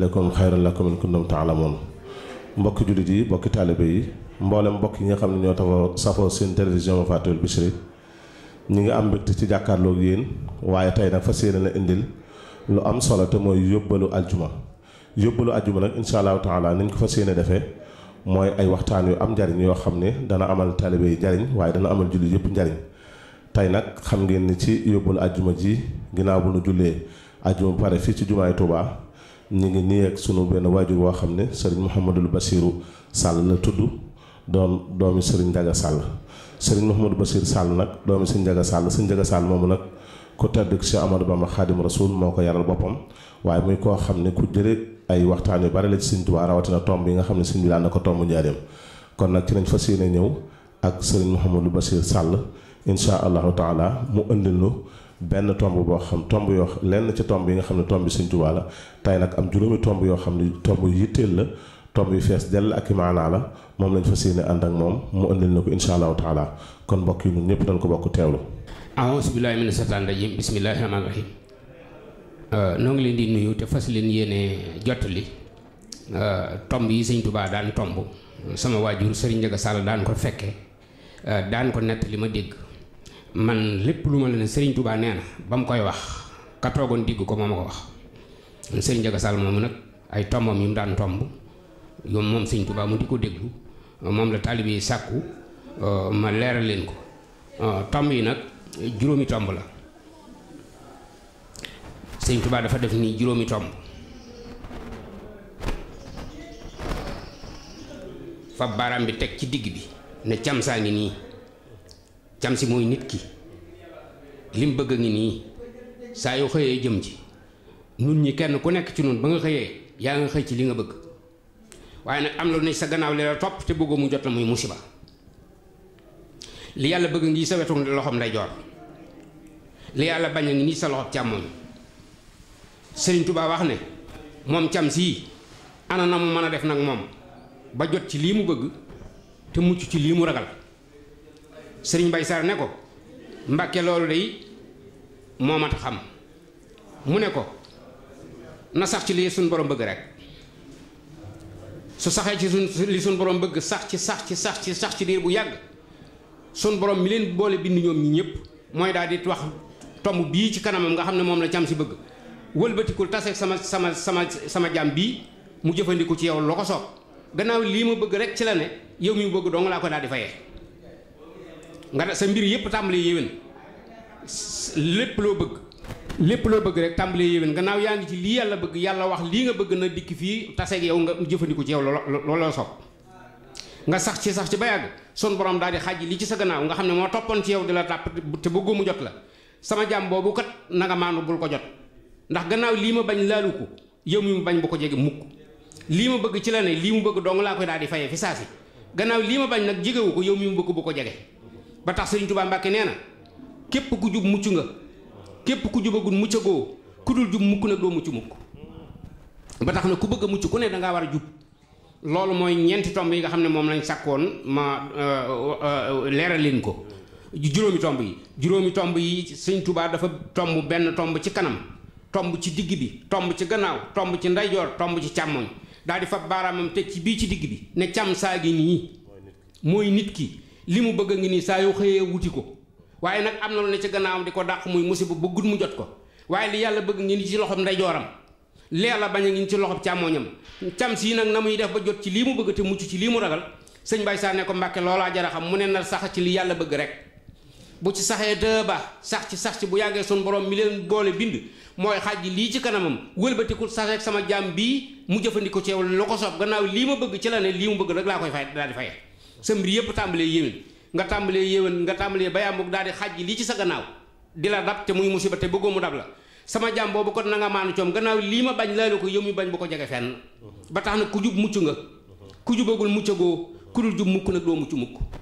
lakum xayran lakum in kuntum taalamoon mbokki jullit yi mbokki taalibe yi mboolem mbokk yi nga xam ne ñoo tafa safoo seen télévision Mafatihul Bichri ñu ngi am mbégte ci jàkkaarloo ak yéen waaye tey nag fas yéene na indil lu am solo te mooy yóbbalu aljuma yóbbalu aljuma nag incha allahu taala niñ ko fa yéene defee mooy ay waxtaan yu am njariñ yoo xam ne dana amal taalibe yi njariñ waaye dana amal jullit yëpp njariñ tey nag xam ngeen ni ci yóbbalu aljuma ji ginnaaw bu nu jullee aljuma bu pare fii ci jumaay Tuubaa ñu ngi nii ak sunu benn waajur woo xam ne sëriñ Mouhamadul Bassirou Sall na tudd doon doomi sëriñ Ndiaga Sall sëriñ Mouhamadou Bassirou Sall nag doomi sëriñ Ndiaga Sall sëriñ Ndiaga Sall moomu nag ku tedd ci Cheikh Amadou Bamba Xaadim Rasuul moo ko yaral boppam waaye muy koo xam ne ku jëlee ay waxtaan yu bari la ci sëriñ Tuubaa rawatina tomb yi nga xam ne sëriñ bi daan na ko tomb njaareem kon nag ci lañ fas yéene ñëw ak sëriñ Mouhamadou Bassirou Sall incha allahu taala mu ëndil lu benn tomb boo xam tomb yoo lenn ci tomb yi nga xam ne tomb yi Sëñ Tuubaa la tey nag am juróomi tomb yoo xam ne tomb yu yitteel la tomb yu fees dell ak i maanaa la moom lañ ànd ak moom mu andil na ko incha allahu taala kon mbokk yi ñun ñëpp dañ ko bokk teewlu. aouzu billaahi mina seytaani rajiim bismillaahi euh, noo ngi leen di nuyu te fas leen yéene jottali euh, tomb yi Sëñ Tuubaa daan tomb sama waajur Sëriñ Njaga Sall daan ko fekke euh, daan ko li ma dégg. man lépp lu ma la ne Serigne Touba nee na ba mu koy wax ka digg ko moo ma ko wax Serigne Ndiaga Sall moomu nag ay tombam yu mu daan tomb yow moom Serigne Touba mu di ko déglu moom la taalibe yi sàkku euh, ma leeral leen ko euh, tomb yi nag juróomi tomb la Serigne Touba dafa def nii juróomi tomb fa baaraam bi teg ci digg bi ne càmsaa ngi nii. cam si mooy nit ki lim bëgg a ngi nii saa yoo xëyee jëm ci nun ñi kenn ku nekk ci nun ba nga xëyee yaa nga xëy ci li nga bëgg waaye nag am la ne sa gannaaw li la topp te bëggoo mu jot la muy musiba li yàlla bëgg ngi sa wetu loxoom nday joor li yàlla bañ a ngi nii sa loxoom càmmoñ Sëriñ Tuubaa wax ne moom cam sii ana na mu mën a def nag moom ba jot ci lii mu bëgg te mucc ci lii mu ragal sëriñ bay Sarr ne ko Mbàkke loolu day moom mat xam mu ne ko na sax ci li suñ borom bëgg rek su saxee ci suñ li suñ borom bëgg sax ci sax ci sax ci sax ci diir bu yàgg suñ borom mi leen boole bind ñoom ñi ñëpp mooy daal di wax tomb bii ci kanamam nga xam ne moom la cam si bëgg wëlbatikul tase sama sama sama sama jàmm bii mu jëfandiku ci yow loo ko soog gannaaw lii ma bëgg rek ci la ne yow mi bëgg dong laa ko daal di fayee nga sa mbir yëpp tàmbali yéwén lépp loo bëgg lépp loo bëgg rek tàmbali yéwén gannaaw yaa ngi ci lii yàlla bëgg yàlla wax lii nga bëgg na dikk fii taseeg yow nga jëfandiku ci yow loola soog nga sax ci sax ci ba yàgg son borom daal di xàjj li ci sa gannaaw nga xam ne moo toppoon ci yow di la tàpp te bëggoo mu jot la sama jàmm boobu kat na nga maanu bul ko jot ndax gannaaw lii ma bañ laalu ko yow mi mu bañ bu ko jege mukk lii ma bëgg ci la ne lii mu bëgg dong laa koy daal di fayee fi saasi gannaaw lii ma bañ nag jegewu ko yow mi mu bëgg ko jege ba tax Serigne Touba Mbacke nee na képp ku jub mucc nga képp ku jubagul muccagoo ku dul jub mukk nag doo mucc mukk ba tax na ku bëgg a mucc ku ne da ngaa war a jub loolu mooy ñeenti tomb yi nga xam ne moom lañ sàkkoon ma euh, euh, leeral leen ko juróomi tomb yi juróomi tomb yi Serigne tubaa dafa tomb benn tomb ci kanam tomb ci digg bi tomb ci gannaaw tomb ci ndeyjoor tomb ci càmmoñ daal di fab baaraamam teg ci bii ci digg bi ne càmm saa gi nii mooy nit ki li mu bëgg a ngi nii saa yoo xëyee wuti ko waaye nag am na lu ne ci gannaawam di ko dàq muy musiba bëggut mu jot ko waaye li yàlla bëgg ngi ni ci loxob ndeyjooram lee la bañ a ngi ci loxob càmmooñam cam sii nag na muy def ba jot ci lii mu bëgg te mucc ci lii mu ragal sëñ Baye saa ne ko Mbàkke loolaa jara xam mu ne na sax ci li yàlla bëgg rek bu ci saxee dë ba sax ci sax ci bu yàggee suñ borom mi leen goole bind mooy xaj lii ci kanamam wëlbatiku sax rek sama jaam bii mu jëfandikoo ci yow lu ko soob gannaaw lii ma bëgg ci la ne lii mu bëgg rek laa koy fay daal di sa mbir yëpp tàmbalee yéwén nga tàmbalee yéwén nga tàmbalee bayaamuk daal di xaj lii ci sa gannaaw di la dab te muy musiba te bëggoo mu dab la sama jàmm boobu ko na nga maanu coom gannaaw lii ma bañ laa la ko yow mi bañ bu ko jege fenn ba tax na ku jub mucc nga ku jubagul muccagoo ku dul jub mukk nag doo mucc mukk